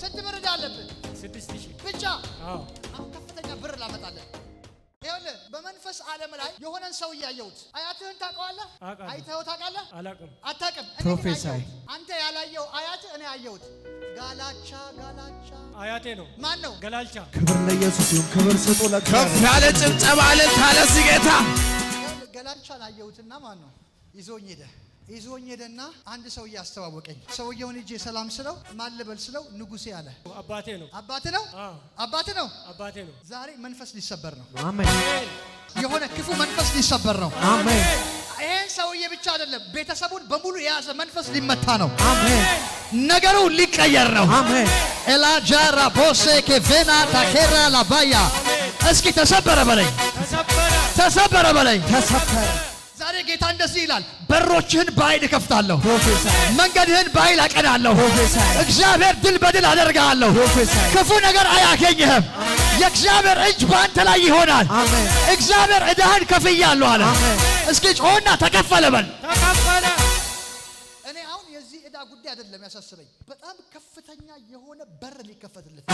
ስንት ብር ዕዳ አለብህ? ስድስት ሺህ ብቻ። አሁን ከፍተኛ ብር ላመጣለን። ይኸውልህ በመንፈስ ዓለም ላይ የሆነን ሰው እያየሁት፣ አያትህን ታውቀዋለህ? አይተኸው ታውቃለህ? አላውቅም። አታውቅም? ፕሮፌሰር አንተ ያላየው አያትህ እኔ አየሁት። ጋላቻ ጋላቻ አያቴ ነው። ማን ነው? ገላልቻ። ክብር ለኢየሱስ ይሁን። ክብር ስጡ። ከፍ ያለ ጭብጨባ አለ ታለስ ጌታ ገላልቻን አየሁትና ማን ነው ይዞኝ ሄደ? ይዞኝ ሄደና አንድ ሰውዬ አስተዋወቀኝ። ሰውየውን እጄ ሰላም ስለው ማልበል ስለው ንጉሴ አለ። አባቴ ነው አባቴ ነው አባቴ ነው አባቴ ነው። ዛሬ መንፈስ ሊሰበር ነው። አሜን። የሆነ ክፉ መንፈስ ሊሰበር ነው። አሜን። ሰውዬ ብቻ አይደለም ቤተሰቡን በሙሉ የያዘ መንፈስ ሊመታ ነው። ነገሩ ሊቀየር ነው። አሜን። ኤላጃራ ቦሴ ኬቬና ታኬራ ላባያ እስኪ ተሰበረ በለኝ፣ ተሰበረ በለኝ፣ ተሰበረ ዛሬ ጌታ እንደዚህ ይላል፣ በሮችህን በኃይል እከፍታለሁ፣ መንገድህን በኃይል አቀናለሁ። እግዚአብሔር ድል በድል አደርግሃለሁ። ክፉ ነገር አያገኝህም። የእግዚአብሔር እጅ በአንተ ላይ ይሆናል። እግዚአብሔር ዕዳህን ከፍያለሁ አለ። እስኪ ጮና ተከፈለ በል እኔ አሁን የዚህ እዳ ጉዳይ አይደለም ያሳስበኝ፣ በጣም ከፍተኛ የሆነ በር ሊከፈትልህ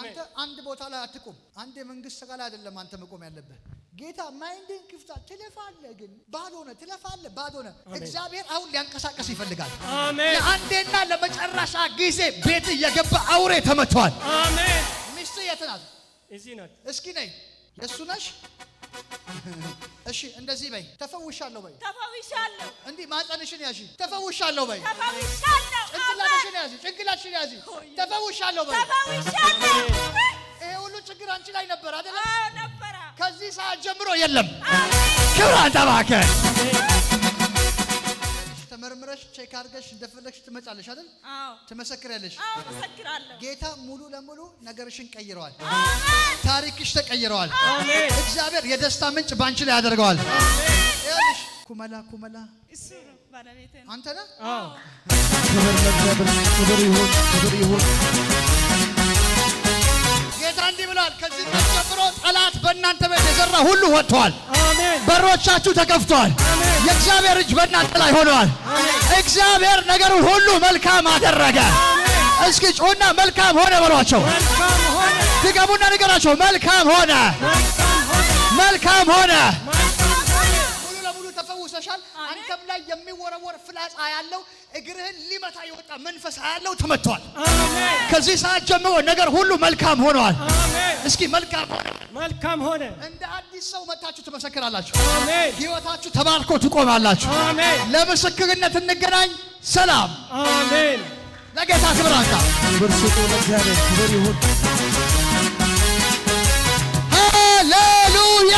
አንተ አንድ ቦታ ላይ አትቁም። አንድ የመንግስት ስራ ላይ አይደለም አንተ መቆም ያለብህ። ጌታ ማይንድን ክፍታ ትለፋለ ግን ባዶ ነህ። ትለፋለህ፣ ባዶ ነህ። እግዚአብሔር አሁን ሊያንቀሳቀስ ይፈልጋል። አሜን። ለአንዴና ለመጨረሻ ጊዜ ቤት እየገባ አውሬ ተመቷል። አሜን። ሚስት የት ናት? እዚህ ናት። እስኪ ነይ። የእሱ ነሽ እሺ እንደዚህ በይ፣ ተፈውሻለሁ በይ፣ ተፈውሻለሁ። እንዲህ ማህፀንሽን ያዢ፣ ተፈውሻለሁ በይ፣ ተፈውሻለሁ። ጭንቅላትሽን ያዢ፣ ጭንቅላትሽን ያዢ፣ ተፈውሻለሁ በይ፣ ተፈውሻለሁ። ይሄ ሁሉ ችግር አንቺ ላይ ነበር አይደል? አዎ ነበረ። ከዚህ ሰዓት ጀምሮ የለም። ክብር አንተ እባክህ መርምረሽ ቼክ አድርገሽ እንደፈለግሽ ትመጫለሽ አይደል? አዎ። ትመሰክሪያለሽ? አዎ፣ መሰክራለሁ። ጌታ ሙሉ ለሙሉ ነገርሽን ቀይረዋል። አሜን። ታሪክሽ ተቀይረዋል። አሜን። እግዚአብሔር የደስታ ምንጭ ባንቺ ላይ ያደርገዋል። አሜን። ኩመላ ኩመላ፣ እሱ ነው ባለቤቴ። አንተ ነህ? አዎ። ክብር ለእግዚአብሔር፣ ክብር ይሁን፣ ክብር ይሁን። ጌታ እንዲህ ብሏል፣ ከዚህ ቀን ጀምሮ ጠላት በእናንተ ቤት የዘራ ሁሉ ወጥቷል። በሮቻችሁ ተከፍተዋል። የእግዚአብሔር እጅ በእናንተ ላይ ሆነዋል። እግዚአብሔር ነገሩን ሁሉ መልካም አደረገ። እስኪ ጮና መልካም ሆነ በሏቸው። ድገሙና ንገራቸው። መልካም ሆነ፣ መልካም ሆነ ወር ፍላጻ ያለው እግርህን ሊመታ የወጣ መንፈስ ያለው ተመቷል። ከዚህ ሰዓት ጀምሮ ነገር ሁሉ መልካም ሆነዋል። እስኪ መልካም ሆነ፣ መልካም ሆነ። እንደ አዲስ ሰው መታችሁ ትመሰክራላችሁ። ህይወታችሁ ተባርኮ ትቆማላችሁ። ለምስክርነት እንገናኝ። ሰላም። አሜን። ለጌታ ትብራካ ብርሱ ስጡ። ለእግዚአብሔር ክብር ይሁን። ሃሌሉያ